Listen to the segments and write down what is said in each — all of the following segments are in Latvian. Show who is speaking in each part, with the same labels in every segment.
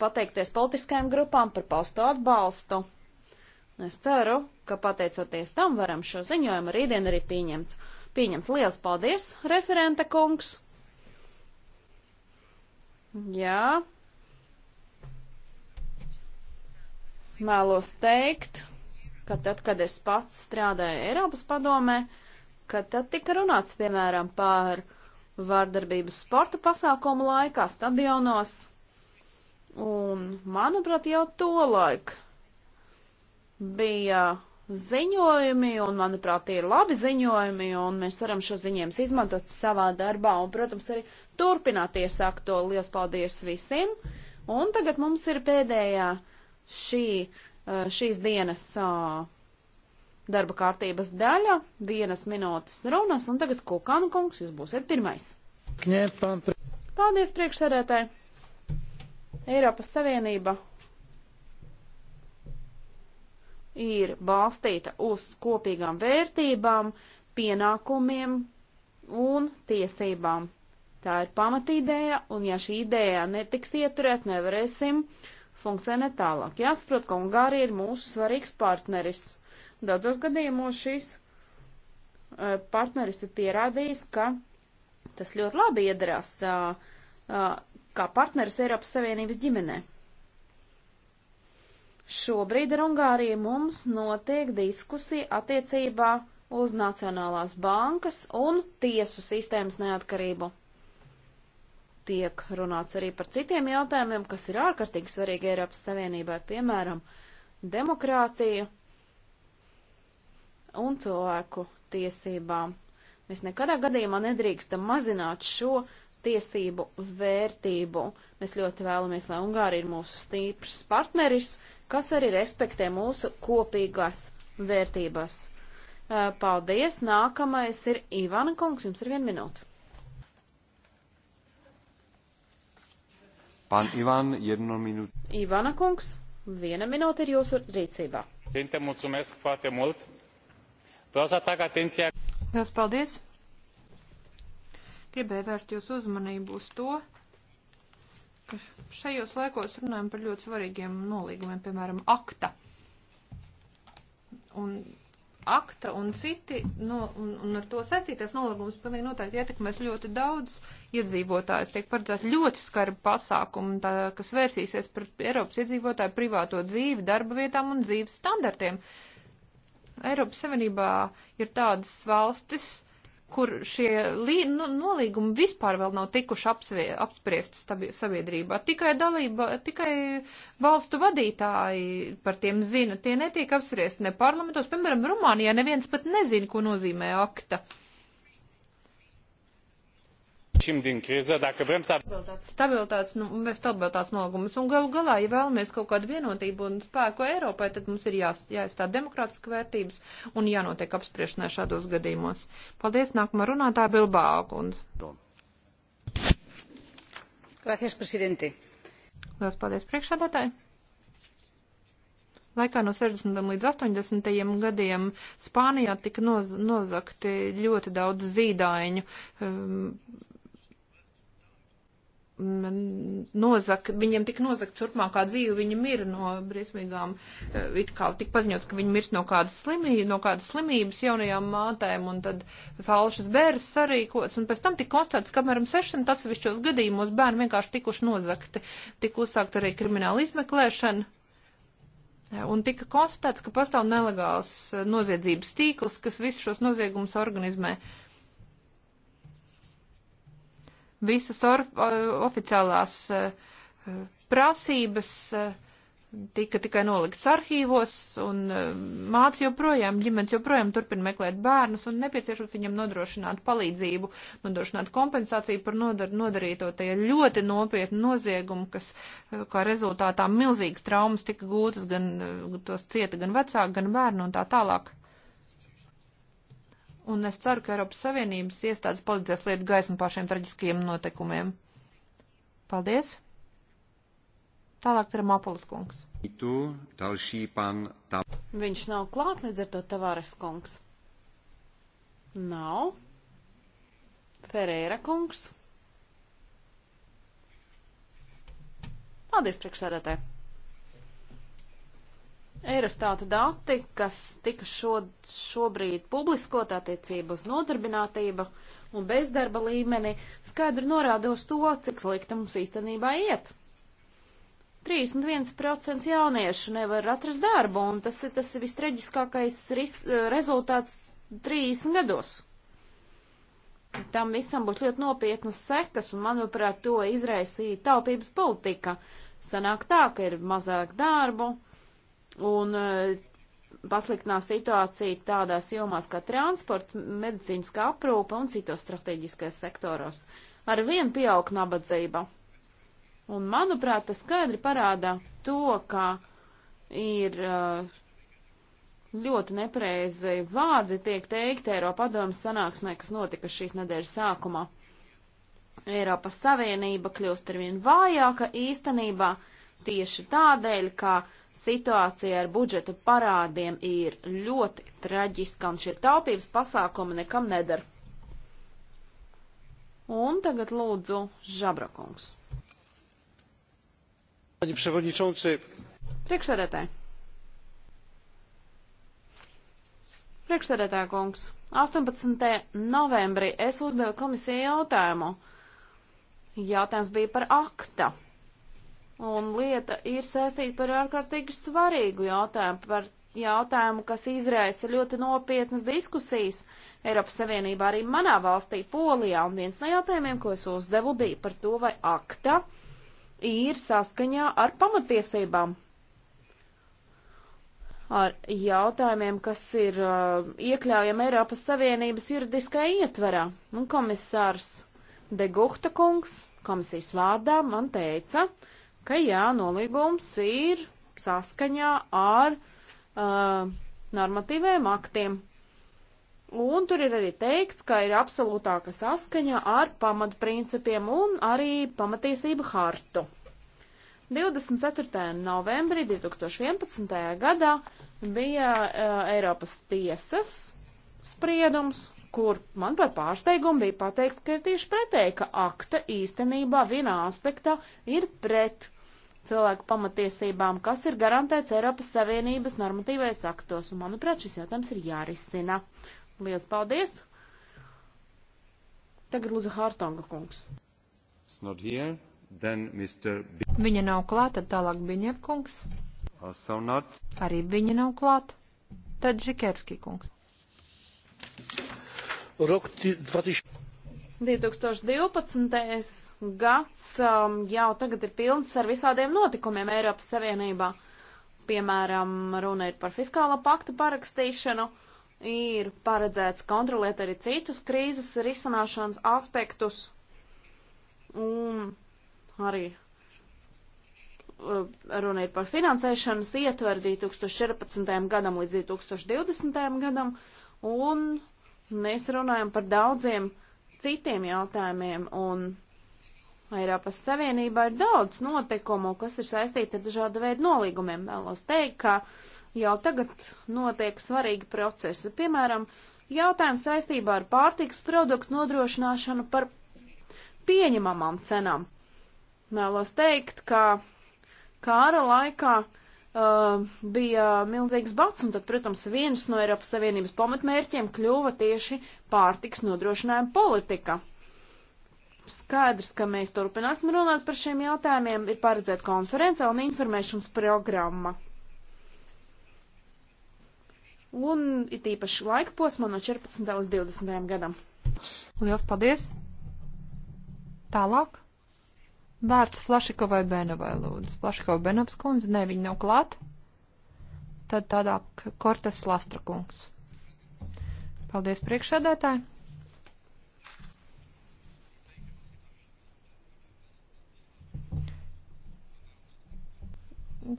Speaker 1: pateikties politiskajām grupām par pausto atbalstu. Es ceru, ka pateicoties tam varam šo ziņojumu rītdien arī pieņemt. Pieņemt liels paldies, referenta kungs! Jā. Mēlos teikt, ka tad, kad es pats strādāju Eiropas padomē, ka tad tika runāts, piemēram, par vārdarbības sporta pasākumu laikā stadionos, Un, manuprāt, jau to laiku bija ziņojumi, un, manuprāt, tie ir labi ziņojumi, un mēs varam šo ziņojumus izmantot savā darbā, un, protams, arī turpināt iesākt to. Lielas paldies visiem! Un tagad mums ir pēdējā šī, eh, šīs dienas darba kārtības daļa, vienas minūtes runas, un tagad Kukana kungs, jūs būsiet pirmais.
Speaker 2: Paldies
Speaker 1: priekšsēdētāji! Eiropas Savienība ir balstīta uz kopīgām vērtībām, pienākumiem un tiesībām. Tā ir pamatīdēja, un ja šī ideja netiks ieturēt, nevarēsim funkcionēt tālāk. Jāsaprot, ka Ungārija ir mūsu svarīgs partneris. Daudzos gadījumos šis e, partneris ir pierādījis, ka tas ļoti labi iedarās uh, uh, kā partneris Eiropas Savienības ģimenē. Šobrīd ar Ungāriju mums notiek diskusija attiecībā uz Nacionālās bankas un tiesu sistēmas neatkarību. Tiek runāts arī par citiem jautājumiem, kas ir ārkārtīgi svarīgi Eiropas Savienībai, piemēram, demokrātija un cilvēku tiesībām. Mēs nekadā gadījumā nedrīkstam mazināt šo tiesību vērtību. Mēs ļoti vēlamies, lai Ungārija ir mūsu stīprs partneris, kas arī respektē mūsu kopīgās vērtības. Paldies! Nākamais ir Ivana Kungs, jums ir viena minūte.
Speaker 3: Pan Ivan, jedno minūte.
Speaker 1: Ivana Kungs, viena minūte ir jūsu rīcībā. Liels paldies!
Speaker 2: Gribēju vērst jūsu uzmanību uz to, ka šajos laikos runājam par ļoti svarīgiem nolīgumiem, piemēram, akta. Un akta un citi, no, nu, un, un ar to saistīties nolīgums pilnīgi noteikti ietekmēs ļoti daudz iedzīvotājus. Tiek paredzēta ļoti skarba pasākuma, tā, kas vērsīsies par Eiropas iedzīvotāju privāto dzīvi, darba vietām un dzīves standartiem. Eiropas Savienībā ir tādas valstis, kur šie lī, nu, nolīgumi vispār vēl nav tikuši apsvie, apspriesti sabiedrībā. Tikai dalība, tikai valstu vadītāji par tiem zina, tie netiek apspriesti ne parlamentos. Piemēram, Rumānijā neviens pat nezina, ko nozīmē akta. Uh, šim din krīzē, dacă vrem să... Stabilitātes, nu, mēs stabilitātes nolgumus un galu galā, ja vēlamies kaut kādu vienotību un spēku Eiropai, tad mums ir jā, jāizstāv demokrātiski vērtības un jānotiek apspriešanai šādos gadījumos. Paldies, nākamā runātāja Bilbao kundze.
Speaker 1: Gracias, presidente. Lielas
Speaker 2: paldies priekšādātāji. Laikā no 60. līdz 80. gadiem Spānijā tika noz nozakti ļoti daudz zīdaiņu. Um, nozakt, viņiem tik nozakt turpmākā dzīve, viņi mir no briesmīgām, eh, it kā tik paziņots, ka viņi mirs no kādas slimības, no kādas slimības jaunajām mātēm, un tad falšas bērns sarīkots, un pēc tam tik konstatēts, ka apmēram 600 atsevišķos gadījumos bērni vienkārši tikuši nozakti, tik uzsākt arī krimināla izmeklēšana. Un tika konstatēts, ka pastāv nelegāls eh, noziedzības tīkls, kas visus šos noziegumus organizmē. Uh, visas or, eh, oficiālās eh, prasības eh, tika tikai nolikts arhīvos, un māca joprojām, ģimenes joprojām turpina meklēt bērnus, un nepieciešams viņam nodrošināt palīdzību, nodrošināt kompensāciju par nodar, nodarīto. Tie ir ļoti nopietni noziegumi, kas kā rezultātā milzīgas traumas tika gūtas, gan tos cieta gan vecāki, gan bērni un tā tālāk un es ceru, ka Eiropas Savienības iestādes palīdzēs liet gaismu pār šiem traģiskajiem notikumiem. Paldies!
Speaker 1: Tālāk ir Māpolis kungs. Viņš nav klāt, līdz ar to Tavāres kungs. Nav. Ferēra kungs. Paldies, priekšsēdētāji! Eirostāta dati, kas tika šo, šobrīd publiskot attiecību uz nodarbinātību un bezdarba līmeni, skaidri norāda uz to, cik slikti mums īstenībā iet. 31% jauniešu nevar atrast darbu, un tas ir tas vistreģiskākais rezultāts 30 gados. Tam visam būs ļoti nopietnas sekas, un, manuprāt, to izraisīja taupības politika. Sanāk tā, ka ir mazāk darbu, un eh, pasliktinās situāciju tādās jomās kā transports, medicīniskā aprūpa un citos strateģiskajos sektoros. Ar vienu pieaug nabadzība. Un, manuprāt, tas skaidri parāda to, ka ir eh, ļoti nepareizi vārdi tiek teikti Eiropa padomas sanāksmē, kas notika šīs nedēļas sākumā. Eiropas Savienība kļūst arvien vājāka īstenībā tieši tādēļ, ka uh, situācija ar budžeta parādiem ir ļoti traģiska, un šie taupības pasākumi nekam nedara. Un tagad lūdzu Žabrakungs.
Speaker 3: Priekšsēdētāji.
Speaker 1: Priekšsēdētāja kungs, 18. novembrī es uzdevu komisijai jautājumu. Jautājums bija par akta Un lieta ir saistīta par ārkārtīgi svarīgu jautājumu, par jautājumu, kas izraisa ļoti nopietnas diskusijas Eiropas Savienībā, arī manā valstī, Polijā. Un viens no jautājumiem, ko es uzdevu, bija par to, vai akta ir saskaņā ar pamatiesībām. Ar jautājumiem, kas ir uh, iekļaujami Eiropas Savienības juridiskajā ietverā. Un komisārs Degukta kungs komisijas vārdā man teica, uh, ka jā, nolīgums ir saskaņā ar uh, normatīviem aktiem. Un tur ir arī teikts, ka ir absolūtāka saskaņa ar pamatprincipiem un arī pamatiesību hartu. 24. novembrī 2011. gadā bija uh, Eiropas tiesas spriedums, kur man par pārsteigumu bija pateikts, ka ir tieši pretēji, ka akta īstenībā vienā aspektā ir pret cilvēku pamatiesībām, kas ir garantēts Eiropas Savienības normatīvais aktos, un manuprāt, šis jautājums ir jārisina. Lielas paldies! Tagad lūdzu Hārtonga kungs.
Speaker 2: Here, B...
Speaker 1: Viņa nav klāt, tad
Speaker 2: tālāk Biņev kungs. Arī viņa nav klāt. Tad Žikerski kungs. Rok
Speaker 1: 2012. gads um, jau tagad ir pilns ar visādiem notikumiem Eiropas Savienībā. Piemēram, runa ir par fiskāla pakta parakstīšanu, ir paredzēts kontrolēt arī citus krīzes risināšanas aspektus un arī uh, runa ir par finansēšanas ietveru 2014. gadam līdz 2020. gadam un mēs runājam par daudziem citiem jautājumiem, un Eiropas Savienībā ir daudz notikumu, kas ir saistīti ar dažādu veidu nolīgumiem. Vēlos teikt, ka jau tagad notiek svarīgi procesi, piemēram, jautājums saistībā ar pārtiks produktu nodrošināšanu par pieņemamām cenām. Vēlos teikt, ka kāra laikā Uh, bija milzīgs bats, un tad, protams, viens no Eiropas Savienības pamatmērķiem kļuva tieši pārtiks nodrošinājuma politika. Skaidrs, ka mēs turpināsim runāt par šiem jautājumiem, ir paredzēta konference un informēšanas programma. Un it īpaši laika posmā no 14. līdz 20. gadam. Lielas paldies!
Speaker 2: Tālāk! Vārds Flašikovai Benovai lūdzu. Flašikovai Benovs kundze, ne, viņa nav klāt. Tad tādā Kortes Lastra kungs. Paldies priekšsēdētāji.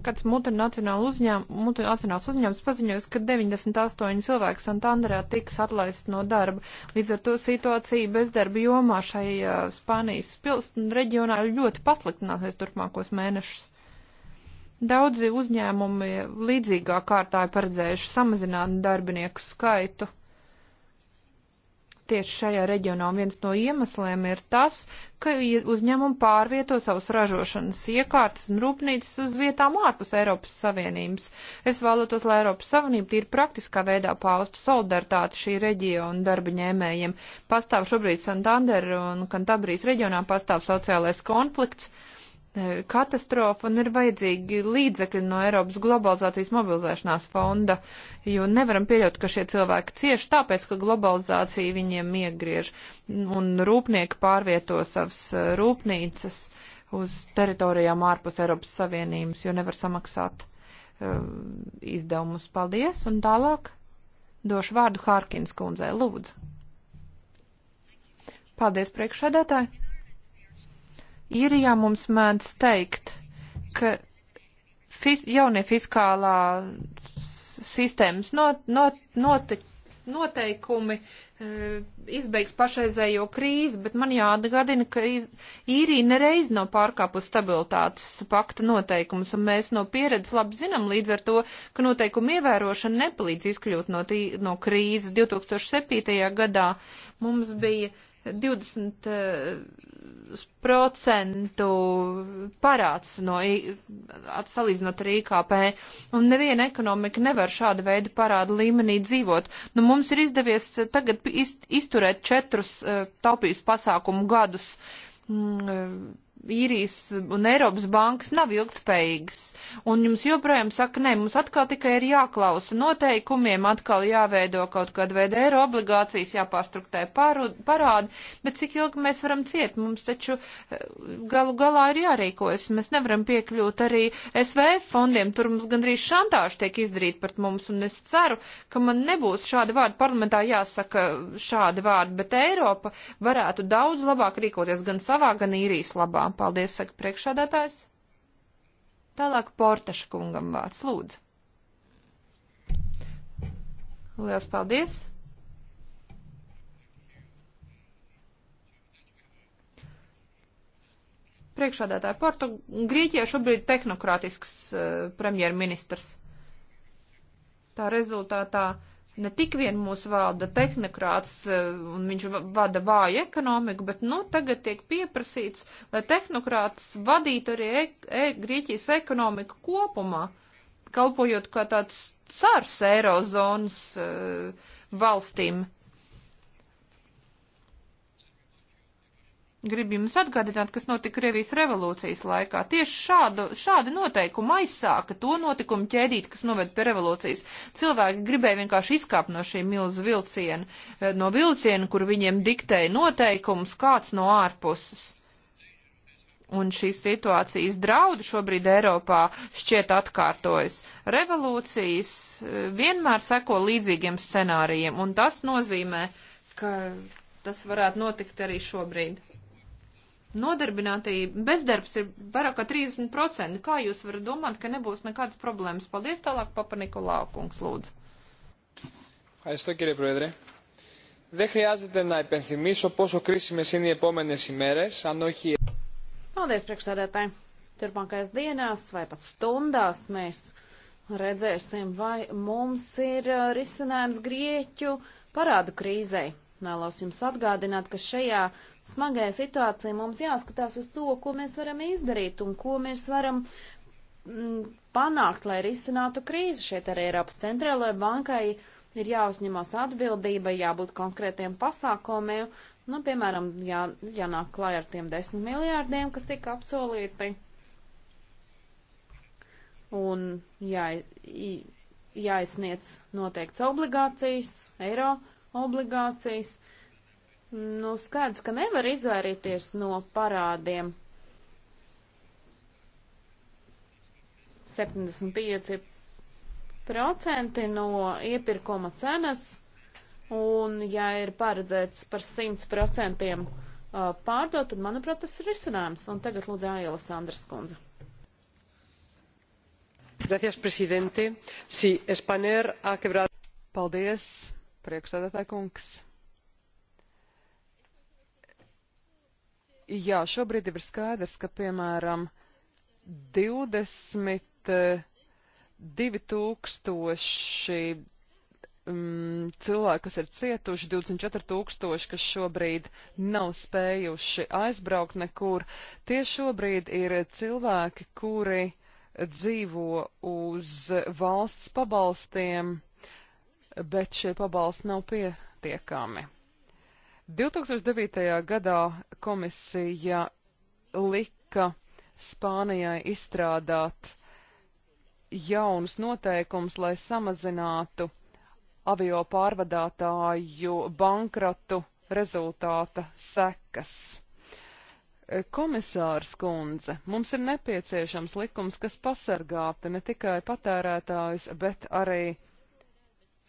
Speaker 2: kāds multinacionāls uzņēmums, multinacionāls uzņēmums paziņojas, ka 98 cilvēki Santanderā tiks atlaists no darba. Līdz ar to situācija bezdarba jomā šai uh, Spānijas pilsēta reģionā ļoti pasliktināsies turpmākos mēnešus. Daudzi uzņēmumi līdzīgā kārtā ir paredzējuši samazināt darbinieku skaitu tieši šajā reģionā. Un viens no iemesliem ir tas, ka uzņēmumi pārvieto savus ražošanas iekārtas un rūpnīcas uz vietām ārpus Eiropas Savienības. Es vēlētos, lai Eiropas Savienība tīri praktiskā veidā paustu solidaritāti šī reģiona darba ņēmējiem. Pastāv šobrīd Santander un Kantabrijas reģionā pastāv sociālais konflikts. Uh, E, katastrofa un ir vajadzīgi līdzekļi no Eiropas globalizācijas mobilizēšanās fonda, jo nevaram pieļaut, ka šie cilvēki cieši tāpēc, ka globalizācija viņiem iegriež un rūpnieki pārvieto savas e, rūpnīcas uz teritorijām ārpus Eiropas Savienības, jo nevar samaksāt uh, izdevumus. Paldies! Un tālāk došu vārdu Hārkins kundzei. Lūdzu! Paldies, priekšsēdētāji! Īrijā mums mēdz teikt, ka fiz, jaunie fiskālā sistēmas not, not, notik, noteikumi e, izbeigs pašreizējo krīzi, bet man jāatgādina, ka īrija nereiz nav no pārkāpus stabilitātes pakta noteikumus, un mēs no pieredzes labi zinām līdz ar to, ka noteikumu ievērošana nepalīdz izkļūt no, tī, no krīzes. 2007. gadā mums bija 20 procentu parāds no, salīdzinot ar IKP, un neviena ekonomika nevar šāda veida parāda līmenī dzīvot. Nu, mums ir izdevies tagad izturēt četrus eh, taupības pasākumu gadus. Mm, eh, īrijas un Eiropas bankas nav ilgspējīgas. Un jums joprojām saka, nē, mums atkal tikai ir jāklausa noteikumiem, atkal jāveido kaut kāda veida eiro obligācijas, jāpārstruktē parādi, bet cik ilgi mēs varam ciet? Mums taču eh, galu galā ir jārīkojas. Mēs nevaram piekļūt arī SVF fondiem, tur mums gandrīz šantāži tiek izdarīt pret mums, un es ceru, ka man nebūs šādi vārdi parlamentā jāsaka šādi vārdi, bet Eiropa varētu daudz labāk rīkoties gan savā, gan īrijas labā tiešām paldies, saka priekšādātājs. Tālāk Portaša kungam vārds lūdzu. Lielas paldies! Priekšādātāja Portu, Grieķijā šobrīd tehnokrātisks uh, premjerministrs. Tā rezultātā uh, ne tik vien mūs valda tehnokrāts e, un viņš vada vāju ekonomiku, bet nu tagad tiek pieprasīts, lai tehnokrāts vadītu arī e e Grieķijas ekonomiku kopumā, kalpojot kā tāds cars Eirozonas e valstīm. Gribu jums atgādināt, kas notika Krievijas revolūcijas laikā. Tieši šādu, šādi noteikumi aizsāka to notikumu ķēdīt, kas noved pie revolūcijas. Cilvēki gribēja vienkārši izkāpt no šī milzu vilciena, eh, no vilciena, kur viņiem diktēja noteikumus kāds no ārpuses. Un šīs situācijas draudi šobrīd Eiropā šķiet atkārtojas. Revolūcijas eh, vienmēr seko līdzīgiem scenārijiem, un tas nozīmē, ka tas varētu notikt arī šobrīd. Nodarbinātība, bezdarbs ir vairāk kā 30%. Kā jūs varat domāt, ka nebūs nekādas problēmas? Paldies tālāk, Papa Nikolā, kungs, lūdzu.
Speaker 3: Ευχαριστώ κύριε Πρόεδρε. Δεν χρειάζεται να υπενθυμίσω πόσο κρίσιμες είναι οι επόμενες ημέρες, αν όχι...
Speaker 1: Paldies, priekšsēdētāji. Turpmākajās dienās vai pat stundās mēs redzēsim, vai mums ir eh, risinājums Grieķu parādu krīzei. Vēlos jums atgādināt, ka šajā smagajā situācijā mums jāskatās uz to, ko mēs varam izdarīt un ko mēs varam m, mm, panākt, lai risinātu krīzi. Šeit arī Eiropas centrālajai bankai ir jāuzņemās atbildība, jābūt konkrētiem pasākumiem, nu, piemēram, jā, jānāk klāj ar tiem desmit miljārdiem, kas tika apsolīti. Un jā, jāizsniedz noteikts obligācijas, eiro obligācijas. Nu, skaidrs, ka nevar izvairīties no parādiem. 75% no iepirkuma cenas, un ja ir paredzēts par 100% uh, pārdot, tad, manuprāt, tas ir risinājums. Un tagad lūdzu Aila Sandras kundze.
Speaker 3: Gracias, presidente. Sí, Spanair ha quebrado. Paldies. Priekšsēdētāji kungs. Jā, šobrīd ir skaidrs, ka, piemēram, 22 eh, tūkstoši mm, cilvēki, kas ir cietuši, 24 tūkstoši, kas šobrīd nav spējuši aizbraukt nekur. Tie šobrīd ir cilvēki, kuri dzīvo uz valsts pabalstiem bet šie pabalsti nav pietiekami. 2009. gadā komisija lika Spānijai izstrādāt jaunus noteikumus, lai samazinātu avio pārvadātāju bankratu rezultāta sekas. Komisārs kundze, mums ir nepieciešams likums, kas pasargātu ne tikai patērētājus, bet arī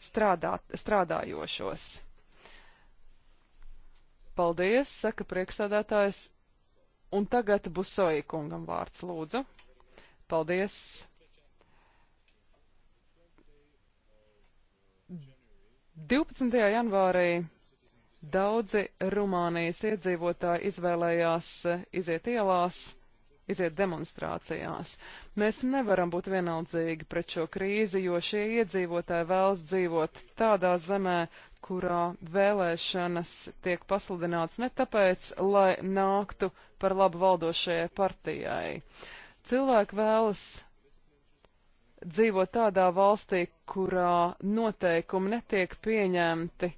Speaker 3: strādāt, strādājošos. Paldies, saka priekšstādātājs. Un tagad Busoja kungam vārds lūdzu. Paldies. 12. janvārī daudzi Rumānijas iedzīvotāji izvēlējās iziet ielās iziet demonstrācijās. Mēs nevaram būt vienaldzīgi pret šo krīzi, jo šie iedzīvotāji vēlas dzīvot tādā zemē, kurā vēlēšanas tiek pasludināts ne tāpēc, lai nāktu par labu valdošajai partijai. Cilvēki vēlas dzīvo tādā valstī, kurā noteikumi netiek pieņemti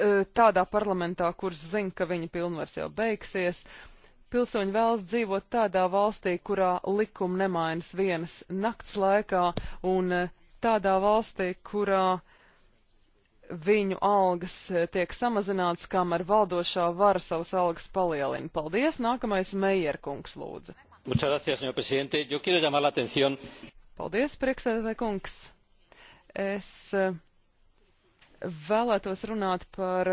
Speaker 3: E, tādā parlamentā, kurš zina, ka viņa pilnvars jau beigsies. Pilsoņi vēlas dzīvot tādā valstī, kurā likumi nemainas vienas nakts laikā, un e, tādā valstī, kurā viņu algas e, tiek samazināts, kamēr valdošā vara savas algas palielina. Paldies! Nākamais Meijerkungs lūdzu. Paldies, priekšsēdētāj kungs! Es uh, vēlētos runāt par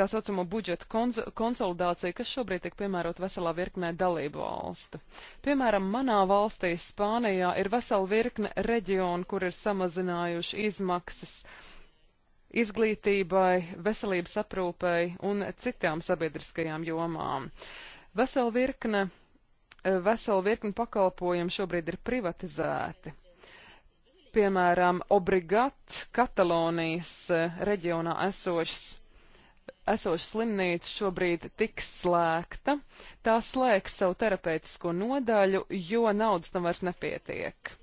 Speaker 3: tā saucamo budžeta konz konsolidāciju, kas šobrīd tiek piemērot veselā virknē dalību valstu. Piemēram, manā valstī, Spānijā, ir vesela virkne reģionu, kur ir samazinājuši izmaksas izglītībai, veselības aprūpei un citām sabiedriskajām jomām. Vesela virkne, vesela virkne pakalpojumu šobrīd ir privatizēti piemēram, Obrigat, Katalonijas eh, reģionā esošs esoša slimnīca šobrīd tiks slēgta. Tā slēgs savu terapeitisko nodaļu, jo naudas tam vairs nepietiek.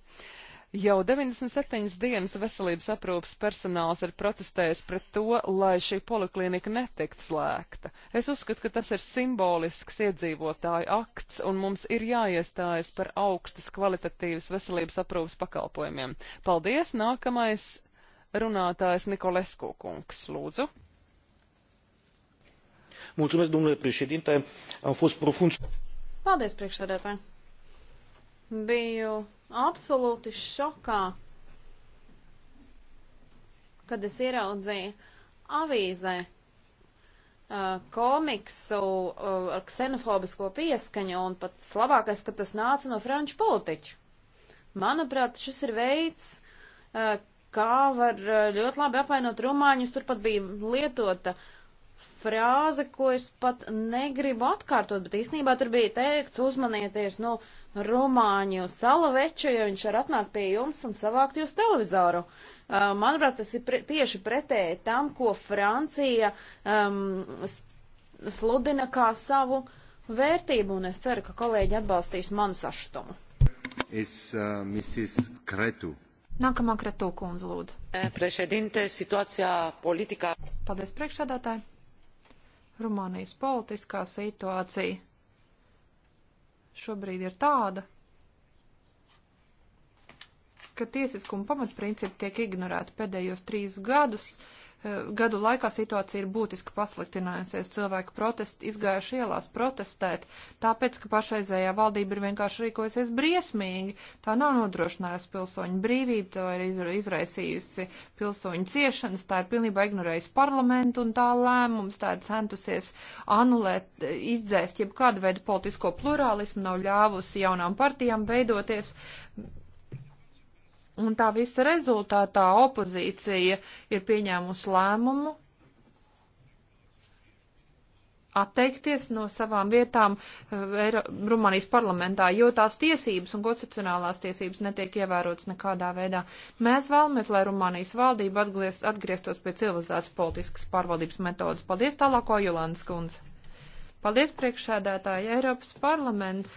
Speaker 3: Jau 97 dienas veselības aprūpas personāls ir protestējis pret to, lai šī poliklinika netiktu slēgta. Es uzskatu, ka tas ir simbolisks iedzīvotāju akts, un mums ir jāiestājas par augstas kvalitatīvas veselības aprūpas pakalpojumiem. Paldies! Nākamais runātājs Nikolesku kungs, lūdzu.
Speaker 1: Mulțumesc, domnule președinte, am fost profund... Paldies, priekšsēdētāji! biju absolūti šokā, kad es ieraudzīju avīzē uh, komiksu uh, ar ksenofobisko pieskaņu, un pats labākais, ka tas nāca no franču politiķu. Manuprāt, šis ir veids, uh, kā var ļoti labi apvainot rumāņus, turpat bija lietota uh, frāze, ko es pat negribu atkārtot, bet īsnībā tur bija teikts uzmanieties no Romāņu salaveča, ja viņš var atnākt pie jums un savākt jūs televizoru. Uh, manuprāt, tas ir pre tieši pretēji tam, ko Francija um, sludina kā savu vērtību, un es ceru, ka kolēģi atbalstīs manu sašutumu. Es, uh, Mrs. Kretu. Nākamā
Speaker 2: Kretu kundze lūdzu.
Speaker 3: Priekšēdinte, situācijā politikā.
Speaker 2: Paldies priekšsādātāji. Rumānijas politiskā situācija šobrīd ir tāda, ka tiesiskuma pamatprincipi tiek ignorēti pēdējos trīs gadus. Uh, Eh, gadu laikā situācija ir būtiski pasliktinājusies. Cilvēki protesti izgājuši ielās protestēt, tāpēc, ka pašreizējā valdība ir vienkārši rīkojusies briesmīgi. Tā nav nodrošinājusi pilsoņu brīvību, to ir izraisījusi pilsoņu ciešanas, tā ir pilnībā ignorējusi parlamentu un tā lēmums, tā ir centusies anulēt, izdzēst jebkādu veidu politisko plurālismu, nav ļāvusi jaunām partijām veidoties. Un tā visa rezultātā opozīcija ir pieņēmusi lēmumu atteikties no savām vietām eh, Rumānijas parlamentā, jo tās tiesības un konstitucionālās tiesības netiek ievērotas nekādā veidā. Mēs vēlamies, lai Rumānijas valdība atgrieztos pie civilizētas politiskas pārvaldības metodas. Paldies tālāko Jolandas kundze. Paldies priekšsēdētāji. Eiropas parlaments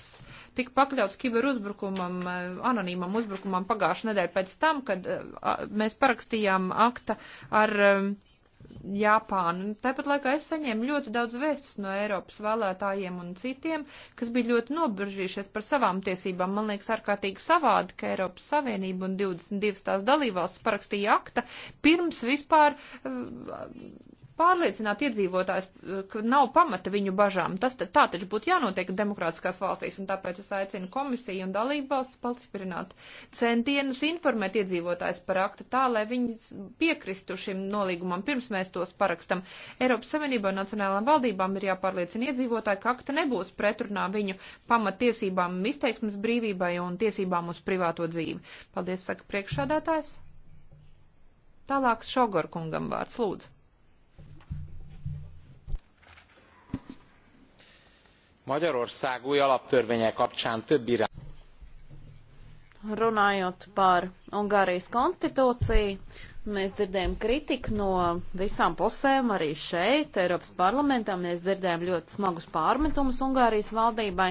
Speaker 2: tika pakļauts kiberuzbrukumam, eh, anonīmam uzbrukumam pagājušajā nedēļā pēc tam, kad eh, mēs parakstījām akta ar eh, Japānu. Tāpat laikā es saņēmu ļoti daudz vēstis no Eiropas vēlētājiem un citiem, kas bija ļoti nobržišies par savām tiesībām. Man liekas ārkārtīgi savādi, ka Eiropas Savienība un 22 tās dalībvalstis parakstīja akta pirms vispār uh, pārliecināt iedzīvotājs, eh, ka nav pamata viņu bažām. Tas tā taču būtu jānotiek demokrātiskās valstīs, un tāpēc es aicinu komisiju un dalību valsts palciprināt centienus informēt iedzīvotājs par aktu tā, lai viņi piekristu šim nolīgumam pirms mēs tos parakstam. Eiropas Savienībā un nacionālām valdībām ir jāpārliecina iedzīvotāji, ka akta nebūs pretrunā viņu pamatiesībām, izteiksmes brīvībai un tiesībām uz privāto dzīvi. Paldies, saka priekšādātājs. Tālāk Šogor kungam vārds lūdzu.
Speaker 3: Magyarország új alaptörvénye kapcsán több irány.
Speaker 1: Runājot par Ungārijas konstitūciju, mēs dzirdējam kritiku no visām pusēm, arī šeit, Eiropas parlamentā. Mēs dzirdējam ļoti smagus pārmetumus Ungārijas valdībai.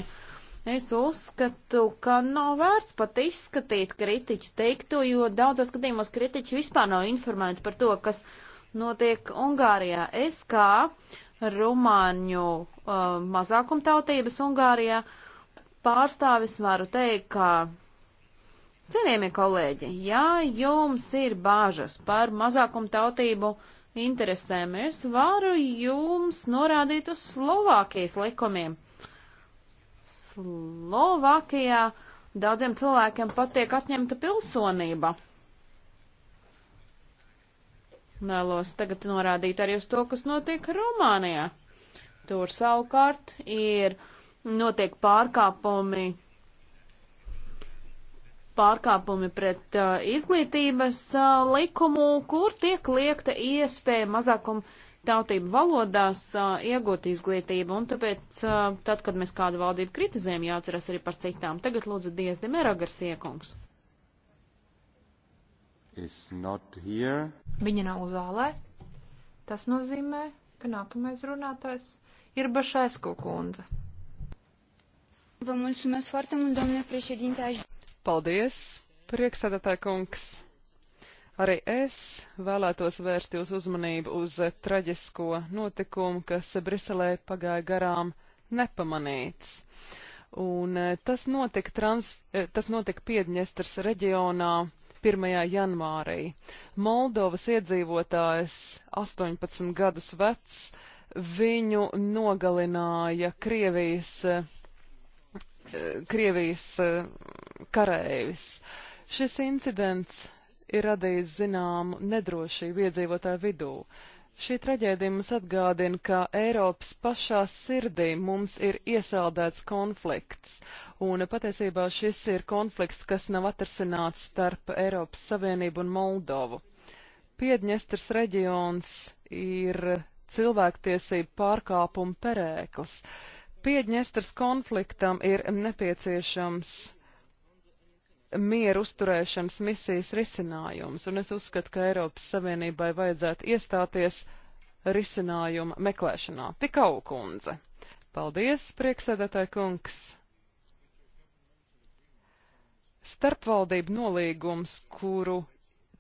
Speaker 1: Es uzskatu, ka nav vērts pat izskatīt kritiķu teikto, jo daudzos skatījumos kritiķi vispār nav informēti par to, kas notiek Ungārijā. Es kā Rumāņu uh, mazākumtautības Ungārijā pārstāvis varu teikt, ka, cienījamie kolēģi, ja jums ir bāžas par mazākumtautību interesēm, es varu jums norādīt uz Slovākijas likumiem. Slovākijā daudziem cilvēkiem patiek atņemta pilsonība. Vēlos tagad norādīt arī uz to, kas notiek Rumānijā. Tur savukārt ir notiek pārkāpumi, pārkāpumi pret uh, izglītības uh, likumu, kur tiek liekta iespēja mazākumu tautību valodās uh, iegūt izglītību, un tāpēc, uh, tad, kad mēs kādu valdību kritizējam, jāatceras arī par citām. Tagad lūdzu Dievs Demeragars iekungs.
Speaker 2: Viņa nav zālē. Tas nozīmē, ka nākamais runātājs ir Bašaisko kundze. Vă mulțumesc foarte mult, domnule președinte. Aș...
Speaker 3: Paldies, priekšsēdētāja kungs. Arī es vēlētos vērst jūsu uzmanību uz traģisko notikumu, kas Briselē pagāja garām nepamanīts. Un eh, tas notika, trans, eh, tas notika Piedņestras reģionā 1. janvārī. Moldovas iedzīvotājs 18 gadus vecs Viņu nogalināja Krievijas, eh, Krievijas eh, karēvis. Šis incidents ir radījis zināmu nedrošību iedzīvotāju vidū. Šī traģēdija mums atgādina, ka Eiropas pašā sirdī mums ir iesaldēts konflikts, un patiesībā šis ir konflikts, kas nav atrasināts starp Eiropas Savienību un Moldovu. Piedņestras reģions ir cilvēktiesību pārkāpumu perēklis. Piedņestras konfliktam ir nepieciešams mieru uzturēšanas misijas risinājums, un es uzskatu, ka Eiropas Savienībai vajadzētu iestāties risinājuma meklēšanā. Tikau kundze. Paldies, prieksēdētāji kungs. Starpvaldību nolīgums, kuru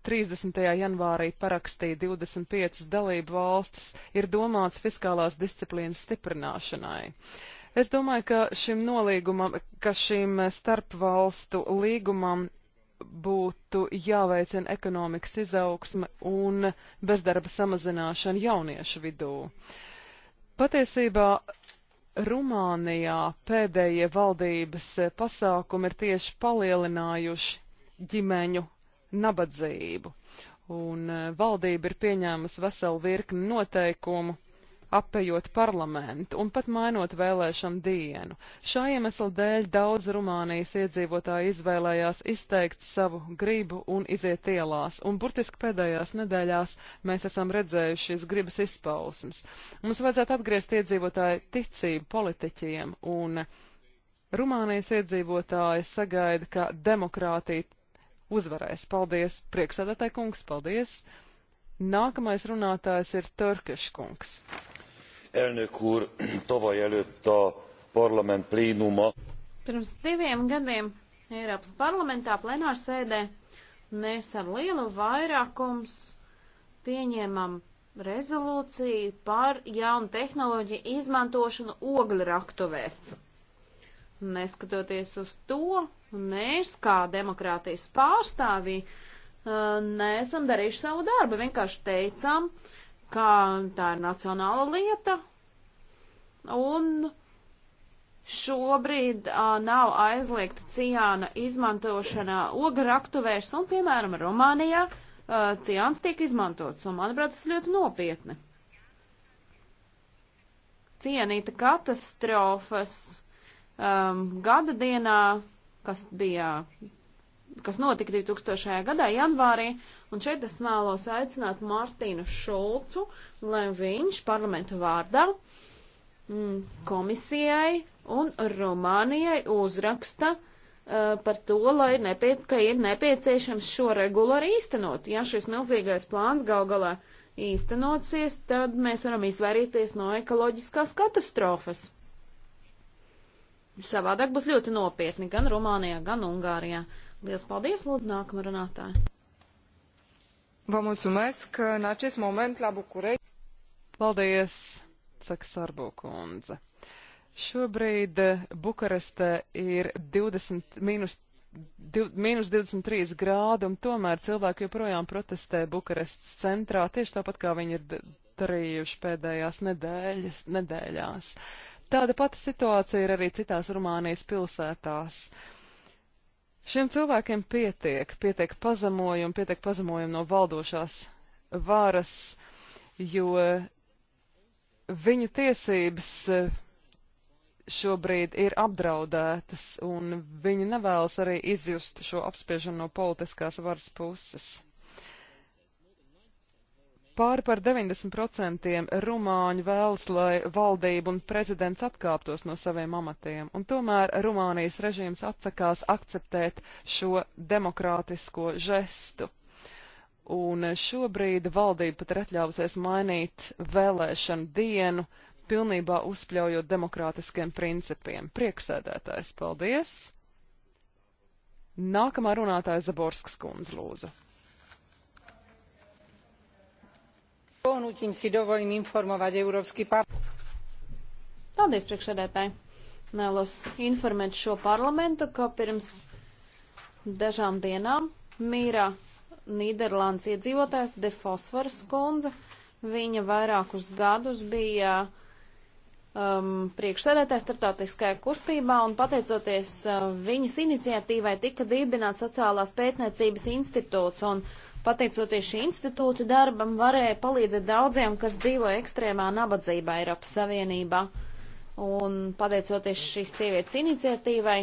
Speaker 3: 30. janvārī parakstīja 25 dalību valstis, ir domāts fiskālās disciplīnas stiprināšanai. Es domāju, ka šim nolīgumam, ka šim starpvalstu līgumam būtu jāveicina ekonomikas izaugsme un bezdarba samazināšana jauniešu vidū. Patiesībā Rumānijā pēdējie valdības pasākumi ir tieši palielinājuši ģimeņu nabadzību. Un e, valdība ir pieņēmusi veselu virkni noteikumu, apējot parlamentu un pat mainot vēlēšanu dienu. Šā iemesla dēļ daudz Rumānijas iedzīvotāji izvēlējās izteikt savu gribu un iziet ielās, un burtiski pēdējās nedēļās mēs esam redzējuši šīs gribas izpausmes. Mums vajadzētu atgriezt iedzīvotāju ticību politiķiem, un Rumānijas iedzīvotāji sagaida, ka demokrātija uzvarēs. Paldies, priekšsēdētāji kungs, paldies! Nākamais runātājs ir Törkeš kungs.
Speaker 2: Elnök úr, tavaly előtt a parlament plénuma.
Speaker 3: Pirms
Speaker 1: diviem gadiem Eiropas parlamentā plenārsēdē mēs ar lielu vairākums pieņēmam rezolūciju par jaunu tehnoloģiju izmantošanu ogļu raktuvēs. Neskatoties uz to, mēs kā demokrātijas pārstāvji neesam darījuši savu darbu. Vienkārši teicām, ka tā ir nacionāla lieta un šobrīd uh, nav aizliegta ciāna izmantošana ogaraktuvēs un, piemēram, Rumānijā uh, ciāns tiek izmantots. Un, manuprāt, tas ļoti nopietni. Cienīta katastrofas um, gada dienā, kas bija kas notika 2000. gadā, janvārī, un šeit es vēlos aicināt Mārtīnu Šulcu, lai viņš parlamenta vārdā mm, komisijai un Rumānijai uzraksta uh, par to, lai ir nepie, ka ir nepieciešams šo regulu arī īstenot. Ja šis milzīgais plāns gal galā īstenosies, tad mēs varam izvairīties no ekoloģiskās katastrofas. Savādāk būs ļoti nopietni gan Rumānijā, gan Ungārijā. Lielas paldies, lūdzu, nākamā runātāja.
Speaker 3: Vă mulțumesc în acest moment la București. Paldies, saka Sarbu kundze. Šobrīd eh, Bukarestē ir 20, mīnus, div, mīnus 23 grādi, un tomēr cilvēki joprojām protestē Bukarestas centrā, tieši tāpat kā viņi ir darījuši pēdējās nedēļas, nedēļās. Tāda pati situācija ir arī citās Rumānijas pilsētās. Šiem cilvēkiem pietiek, pietiek pazemojumu, pietiek pazemojumu no valdošās varas, jo viņu tiesības eh, šobrīd ir apdraudētas, un viņi nevēlas arī izjust šo apspiežanu no politiskās varas puses. Pāri par 90% rumāņu vēlas, lai valdība un prezidents atkāptos no saviem amatiem, un tomēr Rumānijas režīms atsakās akceptēt šo demokrātisko žestu. Un šobrīd valdība pat ir atļāvusies mainīt vēlēšanu dienu, pilnībā uzspļaujot demokrātiskiem principiem. Prieksēdētājs, paldies! Nākamā runātāja Zaborskas kundze lūdzu.
Speaker 1: Ponūķim si dovolim informovāt Eiropski parlamentu. Paldies, priekšsēdētāji. Mēlos informēt šo parlamentu, ka pirms dažām dienām mīra Nīderlandes iedzīvotājs De Fosfors kundze. Viņa vairākus gadus bija um, priekšsēdētājs starptautiskajā kustībā un pateicoties uh, viņas iniciatīvai tika dibināts sociālās pētniecības institūts un pateicoties šī institūta darbam, varēja palīdzēt daudziem, kas dzīvo ekstrēmā nabadzībā Eiropas Savienībā. Un pateicoties šīs sievietes iniciatīvai,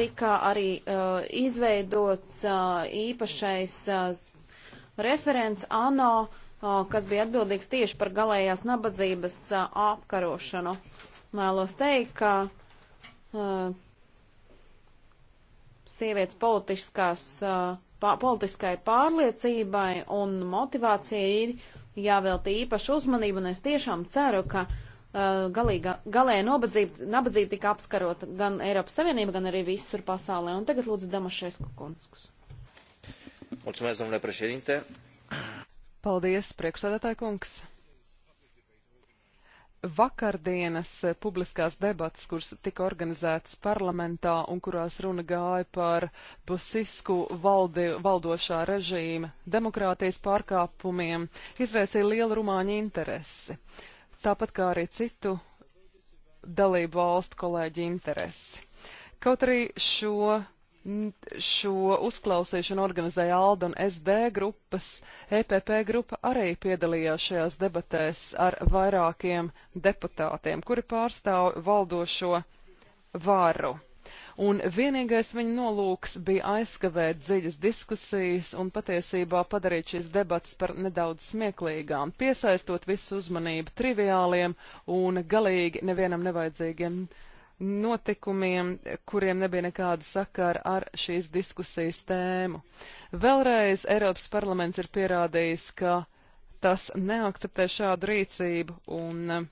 Speaker 1: tika arī uh, izveidots uh, īpašais uh, referents ANO, uh, kas bija atbildīgs tieši par galējās nabadzības uh, apkarošanu. Mēlos teikt, ka. Uh, sievietes politiskās uh, pā, politiskai pārliecībai un motivācijai ir jāvēlta īpaša uzmanība, un es tiešām ceru, ka uh, galīga, galēja nabadzība, nabadzība tika apskarota gan Eiropas Savienība, gan arī visur pasaulē. Un tagad lūdzu Damašesku kunskus. Mulțumesc, domnule președinte.
Speaker 3: Paldies, priekšsēdētāji kungs vakardienas eh, publiskās debatas, kuras tika organizētas parlamentā un kurās runa gāja par Busisku valdi, valdošā režīma demokrātijas pārkāpumiem, izraisīja lielu rumāņu interesi, tāpat kā arī citu dalību valstu kolēģi interesi. Kaut arī šo Šo uzklausīšanu organizēja ALDE un SD grupas. EPP grupa arī piedalījās šajās debatēs ar vairākiem deputātiem, kuri pārstāv valdošo varu. Un vienīgais viņa nolūks bija aizskavēt dziļas diskusijas un patiesībā padarīt šīs debatas par nedaudz smieklīgām, piesaistot visu uzmanību triviāliem un galīgi nevienam nevajadzīgiem notikumiem, kuriem nebija nekāda sakara ar šīs diskusijas tēmu. Vēlreiz Eiropas parlaments ir pierādījis, ka tas neakceptē šādu rīcību un eh,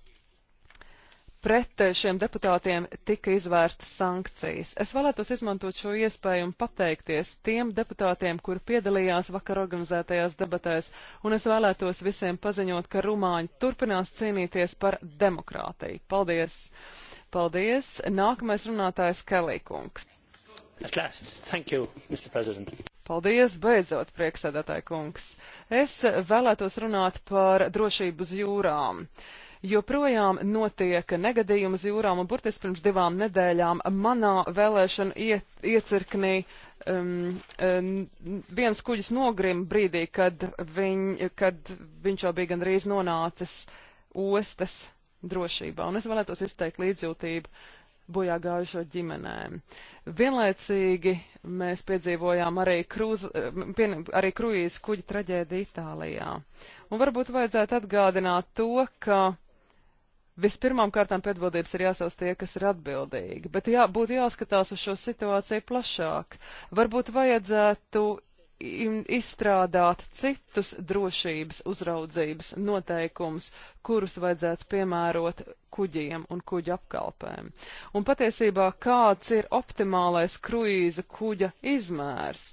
Speaker 3: pret šiem deputātiem tika izvērstas sankcijas. Es vēlētos izmantot šo iespēju un pateikties tiem deputātiem, kur piedalījās vakar organizētajās debatēs, un es vēlētos visiem paziņot, ka Rumāņi turpinās cīnīties par demokrātiju. Paldies! Paldies! Nākamais runātājs Kelīkungs. Paldies, beidzot, priekšsēdētāji kungs. Es vēlētos runāt par drošību uz jūrām. Joprojām notiek negadījumi uz jūrām, un burtiski pirms divām nedēļām manā vēlēšana iet, iecirknī um, um, viens kuģis nogrim brīdī, kad, viņ, kad viņš jau bija gandrīz nonācis ostas drošībā. Un es vēlētos izteikt līdzjūtību bojā gājušo ģimenēm. Vienlaicīgi mēs piedzīvojām arī, krūz, pien, arī kruīzes kuģa traģēdiju Itālijā. Un varbūt vajadzētu atgādināt to, ka vispirmām kārtām atbildības ir jāsaus tie, kas ir atbildīgi, bet jā, būtu jāskatās uz šo situāciju plašāk. Varbūt vajadzētu izstrādāt citus drošības uzraudzības noteikumus, kurus vajadzētu piemērot kuģiem un kuģa apkalpēm. Un patiesībā kāds ir optimālais kruīza kuģa izmērs?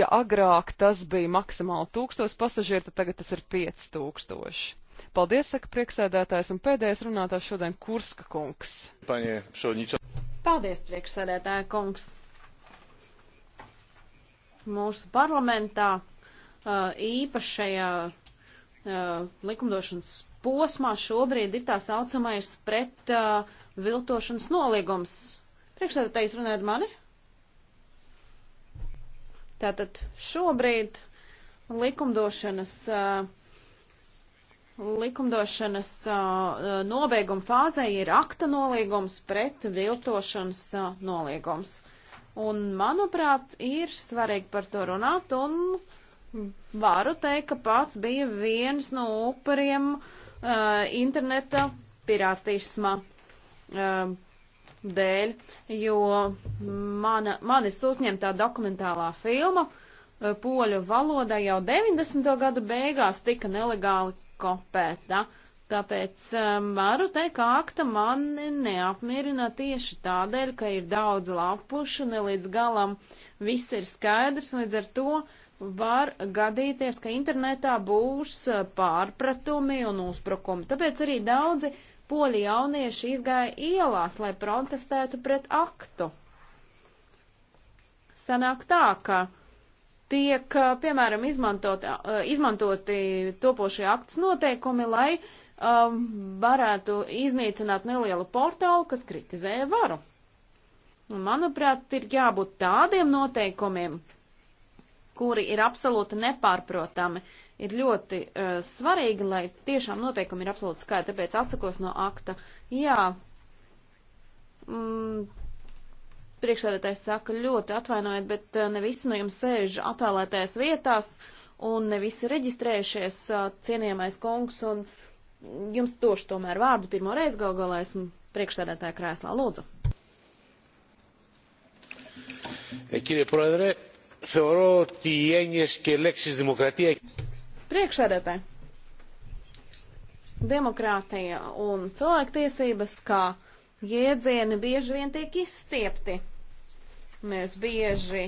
Speaker 3: Ja agrāk tas bija maksimāli tūkstos pasažieru, tad tagad tas ir 5000. Paldies, saka priekšsēdētājs, un pēdējais runātājs šodien Kurska kungs.
Speaker 2: Paņē, šodien...
Speaker 3: Paldies, priekšsēdētāja kungs mūsu parlamentā
Speaker 1: uh, īpašajā uh, likumdošanas posmā šobrīd ir tā saucamais pret uh, viltošanas noliegums. Priekšsēdētājs runājot mani? Tātad šobrīd likumdošanas, likumdošanas nobeiguma fāzē ir akta noliegums pret viltošanas noliegums. Un, manuprāt, ir svarīgi par to runāt, un varu teikt, ka pats bija viens no upuriem uh, interneta pirātisma uh, dēļ, jo mana, manis uzņemtā dokumentālā filma uh, poļu valodā jau 90. gadu beigās tika nelegāli kopēta. Uh, Tāpēc um, varu teikt, ka akta mani neapmierina tieši tādēļ, ka ir daudz lapušu, ne līdz galam viss ir skaidrs, līdz ar to var gadīties, ka internetā būs uh, pārpratumi un uzbrukumi. Tāpēc arī daudzi poļi jaunieši izgāja ielās, lai protestētu pret aktu. Sanāk tā, ka tiek, uh, piemēram, izmantot, uh, izmantoti topošie akts noteikumi, lai uh, um, varētu iznīcināt nelielu portālu, kas kritizē varu. Un, manuprāt, ir jābūt tādiem noteikumiem, kuri ir absolūti nepārprotami. Ir ļoti uh, svarīgi, lai tiešām noteikumi ir absolūti skaidri, tāpēc atsakos no akta. Jā, mm, priekšsēdētājs saka, ļoti atvainojiet, bet uh, ne visi no jums sēž atvēlētajās vietās un ne visi reģistrējušies, uh, cienījamais kungs, un uh, jums došu tomēr vārdu pirmo reizi gal galā esmu priekšsēdētāja krēslā. Lūdzu. Eh, Priekšsēdētāji. Demokrātija un cilvēktiesības kā jēdzieni bieži vien tiek izstiepti. Mēs bieži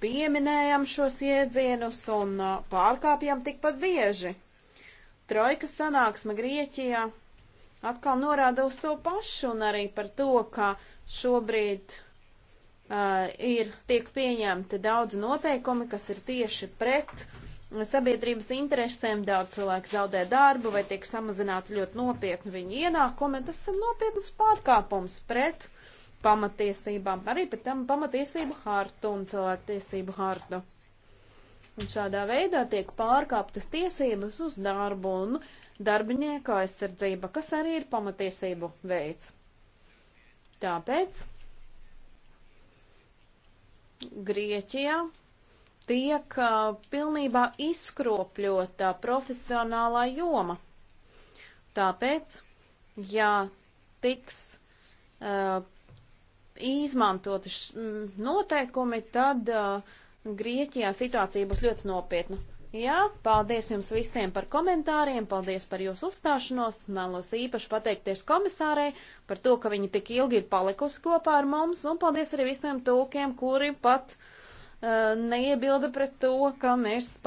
Speaker 1: pieminējam šos jēdzienus un uh, pārkāpjam tikpat bieži. Trojka sanāksme Grieķijā atkal norāda uz to pašu un arī par to, ka šobrīd uh, ir tiek pieņemti daudz noteikumi, kas ir tieši pret sabiedrības interesēm. Daudz cilvēku zaudē darbu vai tiek samazināti ļoti nopietni viņu ienākumi. Tas ir nopietnas pārkāpums pret pamatiesībām, arī pret tam pamatiesību hartu un cilvēku tiesību hartu. Un šādā veidā tiek pārkāptas tiesības uz darbu un darbinieka aizsardzība, kas arī ir pamatiesību veids. Tāpēc Grieķijā tiek uh, pilnībā izkropļota profesionālā joma. Tāpēc, ja tiks uh, izmantoti noteikumi, tad uh, Grieķijā situācija būs ļoti nopietna. Jā, paldies jums visiem par komentāriem, paldies par jūsu uzstāšanos, mēlos īpaši pateikties komisārei par to, ka viņi tik ilgi ir palikusi kopā ar mums, un paldies arī visiem tūkiem, kuri pat uh, neiebilda pret to, ka mēs.